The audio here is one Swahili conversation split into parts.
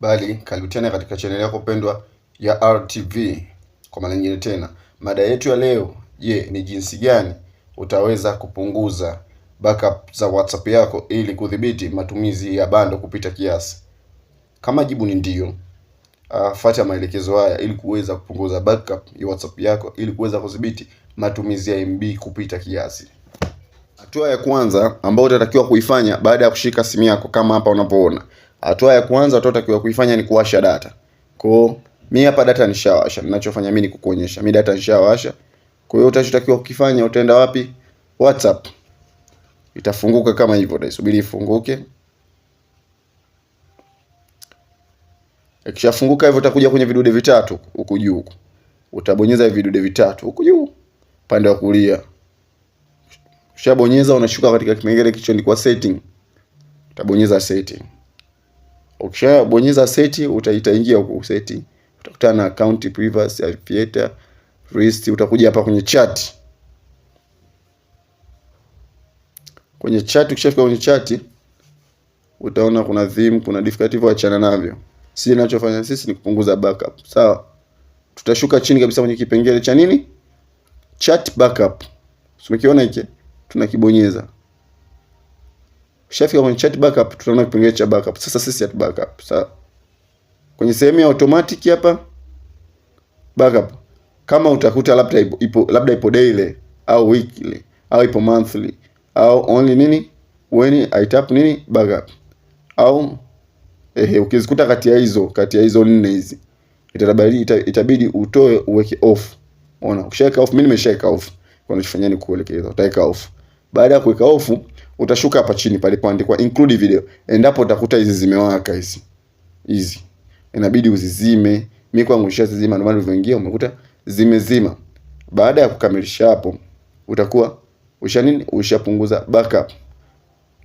bali karibu tena katika chaneli yako pendwa ya RTV kwa mara nyingine tena. Mada yetu ya leo, je, ni jinsi gani utaweza kupunguza backup za WhatsApp yako ili kudhibiti matumizi ya bando kupita kiasi? Kama jibu ni ndio, uh, fuata maelekezo haya ili kuweza kupunguza backup ya WhatsApp yako ili kuweza kudhibiti matumizi ya MB kupita kiasi. Hatua ya kwanza ambayo utatakiwa kuifanya baada ya kushika simu yako kama hapa unavyoona Hatua ya kwanza utatakiwa kuifanya ni kuwasha data. Kwa hiyo mimi hapa data nishawasha. Ninachofanya mimi ni kukuonyesha. Mimi data nishawasha. Kwa hiyo utachotakiwa kukifanya utaenda wapi? WhatsApp. Itafunguka kama hivyo, Subiri ifunguke. Ikishafunguka hivyo utakuja kwenye vidude vitatu huku juu huku. Utabonyeza vidude vitatu huku juu upande wa kulia. Ukishabonyeza unashuka katika kipengele kilichoandikwa setting. Utabonyeza setting. Ukishabonyeza seti utaingia huko seti, utakutana na account privacy affiliate list. Utakuja hapa kwenye chat, kwenye chat. Ukishafika kwenye chat utaona kuna theme, kuna difficulty, achana navyo. Sisi ninachofanya sisi ni kupunguza backup, sawa. Tutashuka chini kabisa kwenye kipengele cha nini, chat backup, usimekiona hiki, tunakibonyeza Ukishafika kwenye chat backup, kipengele cha backup. Sasa sisi backup. kwenye sehemu ya automatic hapa backup, kama utakuta labda ipo, labda ipo daily au weekly au ipo monthly au only nini when I tap nini backup au ehe, ukizikuta kati ya hizo kati ya hizo nne hizi itabidi itabidi utoe uweke off. Ona, ukishaweka off, mimi nimeshaweka off, kwa nini kuelekeza, utaweka off. Baada ya kuweka off utashuka hapa chini palipoandikwa include video. Endapo utakuta hizi zimewaka hizi hizi, inabidi uzizime. Mimi kwangu nishazizima, ndio maana ulivyoingia umekuta zimezima. Baada ya kukamilisha hapo, utakuwa usha nini, ushapunguza backup.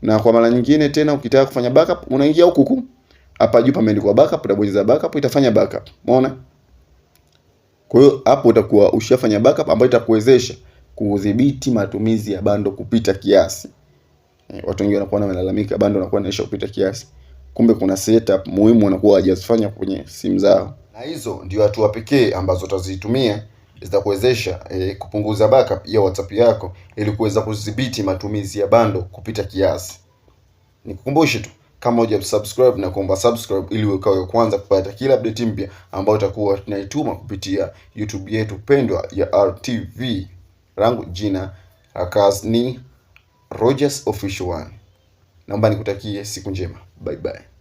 Na kwa mara nyingine tena, ukitaka kufanya backup, unaingia huku huku hapa juu pameandikwa backup, utabonyeza backup, itafanya backup. Umeona? Kwa hiyo hapo utakuwa ushafanya backup ambayo itakuwezesha kudhibiti matumizi ya bando kupita kiasi. Eh, watu wengi wanakuwa wanalalamika bando wanakuwa naisha kupita kiasi, kumbe kuna setup muhimu wanakuwa hawajazifanya kwenye simu zao, na hizo ndio hatua pekee ambazo utazitumia zitakuwezesha e, eh, kupunguza backup ya WhatsApp yako ili kuweza kudhibiti matumizi ya bando kupita kiasi. Nikukumbushe tu kama uja subscribe na kuomba subscribe ili ukawe wa kwanza kupata kila update mpya ambayo itakuwa tunaituma kupitia YouTube yetu pendwa ya RTV. Rangu jina ni Rogers Official 1. Naomba nikutakie siku njema. Bye bye.